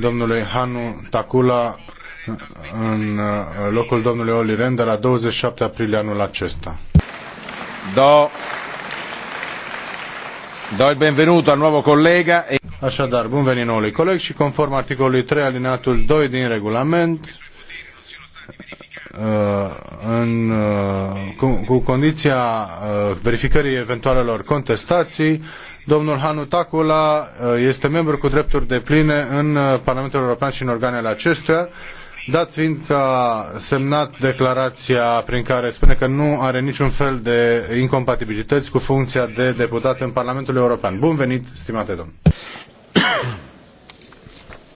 domnului Hanu Takula în locul domnului Oli Ren de la 27 aprilie anul acesta. Do, do il benvenuto al nuovo collega. E... Așadar, bun venit noului coleg și conform articolului 3 alineatul 2 din regulament, uh, în, uh, cu, cu condiția uh, verificării eventualelor contestații, Domnul Hanutakula uh, este membru cu drepturi de pline în uh, Parlamentul European și în organele acestuia, dat fiind că a semnat declarația prin care spune că nu are niciun fel de incompatibilități cu funcția de deputat în Parlamentul European. Bun venit, stimate domn!